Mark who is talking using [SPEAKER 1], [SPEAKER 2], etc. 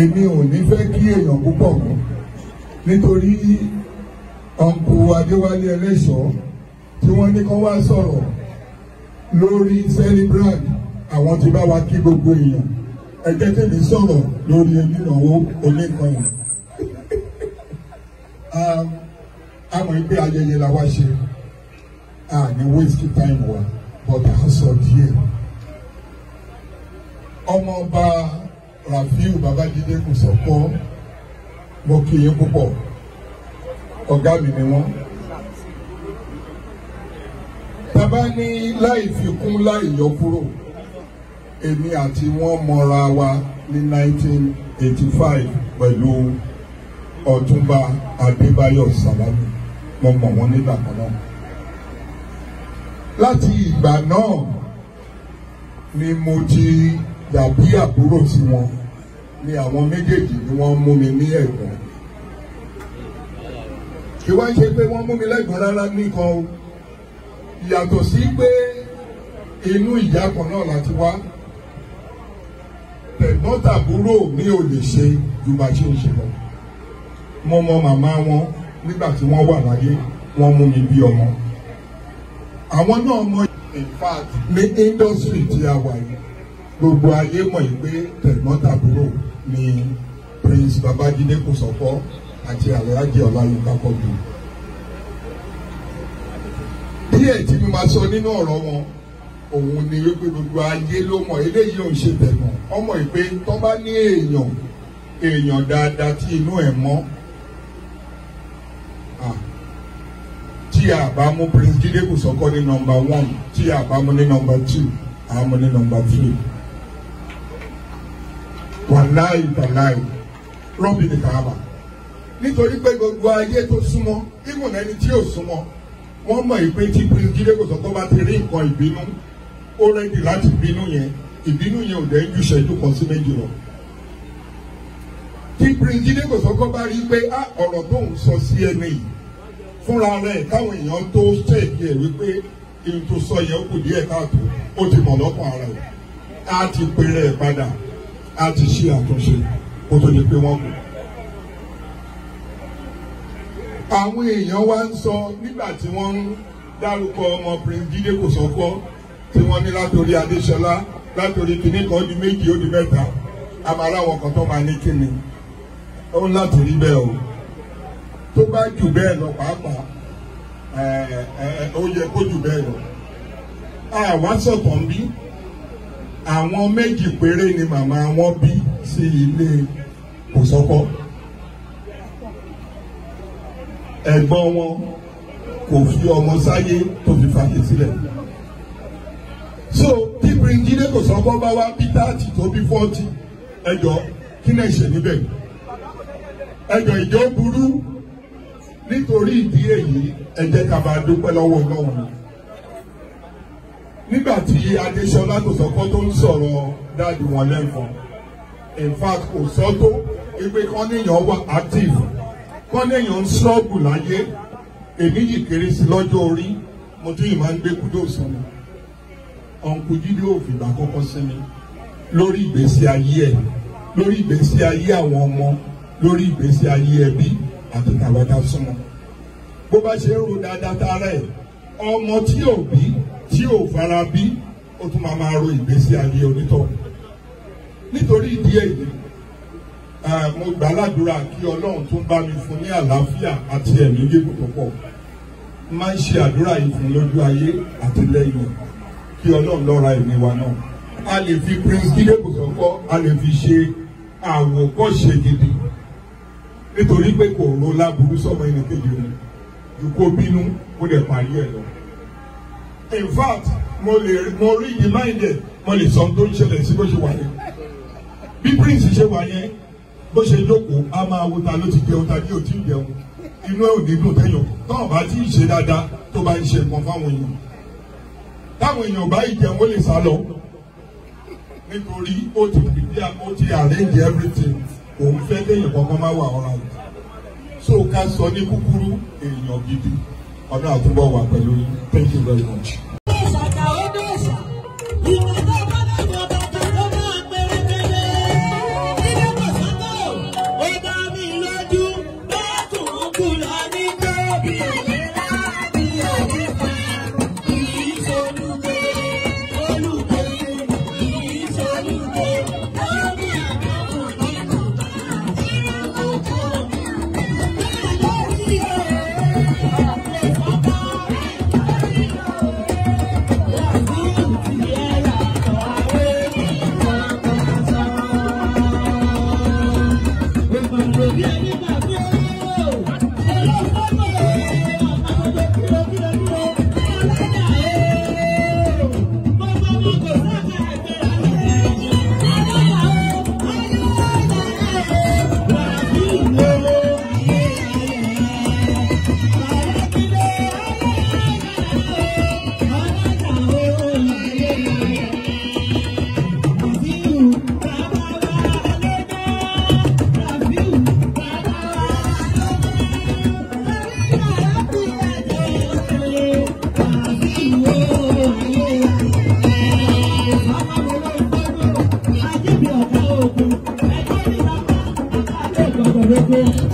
[SPEAKER 1] èmi ò ní fẹ́ kí èèyàn púpọ̀ mọ́ nítorí ọ̀nkù Adéwálé Ẹlẹ́ṣọ̀ọ́ tí wọ́n ní kó wá sọ̀rọ̀ lórí Celebrad àwọn tí bá wa kí gbogbo èèyàn ẹ jẹ́ tèmi sọ̀rọ̀ lórí onínáwó oníkanlẹ̀. a mọ̀ pé ayẹyẹ la wá ṣe a ní waste time wa but a sọ díẹ̀ ọmọọba. Rafiu Babajide Kòsọ́kọ́ mo kí yín púpọ̀ ọ̀gá mi ni wọ́n. Tábà ní láì fi kún láì yọ kúrò èmi àti wọ́n mọ̀ra wa ní 1985 pẹ̀lú Ọ̀túnba Adébáyọ̀ Sàlámì mo mọ̀ wọ́n nígbà kan náà. Láti ìgbà náà ni mo ti dàbí àbúrò tiwọn ni àwọn méjèèjì ni wọ́n mú mi ní ẹ̀gbọ́n kí wá ṣe pé wọ́n mú mi lẹ́gbọ́n rárá nìkan o yàtọ̀ sí pé inú ìyá kan náà láti wá tẹ̀gbọ́n tàbúrò mi ò lè ṣe ju bá ṣe ń ṣe lọ mo mọ màmá wọn nígbà tí wọ́n wà láyé wọ́n mú mi bí ọmọ àwọn náà mọ in fact ní industry tí a wà yìí gbogbo ayé mọ̀ yìí pé tẹ̀gbọ́n-tàbúrò ni Prince Babájídé Kòsọ́kọ́ àti Alhaji Ọláyínká Quadri. díẹ̀ tí mi máa sọ nínú ọ̀rọ̀ wọn òun ni wípé gbogbo ayé ló mọ̀ eléyìí ò ń ṣe tẹ̀gbọ́n ọmọ yìí pé tó bá ní èèyàn èèyàn dáadáa tí inú ẹ̀ mọ́ tí a bá mú Prince Jídé Kòsọ́kọ́ ní nọ́mbà one tí a bá mú ní nọ́mbà two a mú ní nọ́mbà three wàláì wàláì rọ́bì ní kàába nítorí pé gbogbo ayé tó súnmọ́ ìmùnà ẹni tí ò súnmọ́ wọ́n mọ̀ ìpè tí prince gídégò sọ tó bá ti rí nǹkan ìbínú ó rẹ́dì láti bínú yẹn ìbínú yẹn ò dẹ́ ju ìṣẹ́jú kan sí méjì lọ. tí prince gídégò sọ tó bá rí pé á ah, ọ̀rọ̀ tó ń sọ sí ẹni yìí fúnra rẹ̀ káwọn èèyàn tó ṣèkì ẹ̀ wípé ìtòsọ yẹn káàtó ó ti mọ̀ lọ́kàn ara rẹ̀ á ti pèrè padà a ti ṣe àtúnṣe kó tó di pé wọ́n kù. àwọn èèyàn wa ń sọ nígbà tí wọ́n ń dárúkọ ọmọbìnrin Jídé Kòsọ́kọ́ tí wọ́n ní látòrí Adéṣọlá látòrí kìíní kan di méjì ó di mẹ́ta amaláwọn kan tó máa ní kíni ó ń látòrí bẹ́ẹ̀ o tó bá jù bẹ́ẹ̀ lọ pàápàá ó yẹ kó jù bẹ́ẹ̀ lọ àwa sọ̀tàn bí àwọn méjì péré ni màmá wọn bí sí ilé Kòsọ́kọ́ ẹ̀gbọ́n wọn kò fi ọmọ sáyé tó fi fàyè sílẹ̀ so tí Bíríngídé Kòsọ́kọ́ bá wá bí táàtì tó bí fọ́ọ̀tì ẹjọ́ kí náà ṣe níbẹ̀ ẹjọ́ ìjọ burú nítorí ìdí èyí ẹ jẹ́ ká máa dúpẹ́ nígbà tí adéṣọlá Kòsọ́kọ́ tó ń sọ̀rọ̀ dáàdì wọn lẹ́ǹkan in fact kò sọ tó pé kán níyàn wà active kán níyàn ń ṣọ́ọ̀bù láyé èmi yìí kéré sí lọ́jọ́ orí mo tún yìí máa ń gbé kúdòsó mi ọ̀nkú jíde òfìgbà kọ́kọ́ sí mi lórí ìgbésí ayé ẹ̀ lórí ìgbésí ayé àwọn ọmọ lórí ìgbésí ayé ẹbí àti tàwọn tá súnmọ́ bó bá ṣe ń ro dáadáa tààrà ẹ̀ ọmọ tí ò bí tí ò fara bí ó tún máa máa ro ìgbésí ayé onítọ̀ nítorí ìdí èyí mo gbà ládùúrà kí ọlọ́run tún bá mi fún ní àlàáfíà àti ẹ̀mí gígùn tó pọ̀ máa ń ṣe àdúrà yìí fún lójú ayé àti lẹ́yìn kí ọlọ́run lọ́ra ẹ̀mí wa náà a lè fi prince gídébù sọ́kọ́ a lè fi ṣe àwòkọ́ṣe gidi nítorí pé kò ro láburú sọ́mọ ẹnìkejì rẹ̀ ju bínú kó dẹ̀ parí ẹ̀ lọ in fact mo lè mo rí ìdí láìdẹ̀ mo lè sọ tó ń ṣẹlẹ̀ sí bó ṣe wà yẹn bí prince ṣe wà yẹn bó ṣe jókòó a máa wo ta ló ti jẹun ta ní ò tí ì jẹun inú ẹ̀ ò ní dùn tẹ́yàn táwọn bá ti ń ṣe dáadáa tó bá ń ṣe nǹkan fáwọn èèyàn táwọn èèyàn bá ìjẹun ó lè sá lọ nítorí ó ti pìpìà ó ti arrange everything òun fẹ́ lẹ́yìn kankan máa wà ọ̀ràn so ká sọ ní kúkúrú èèyàn gidi ọ̀nà àkúbọ̀ wà pẹ̀lú yín thank you very much.
[SPEAKER 2] good.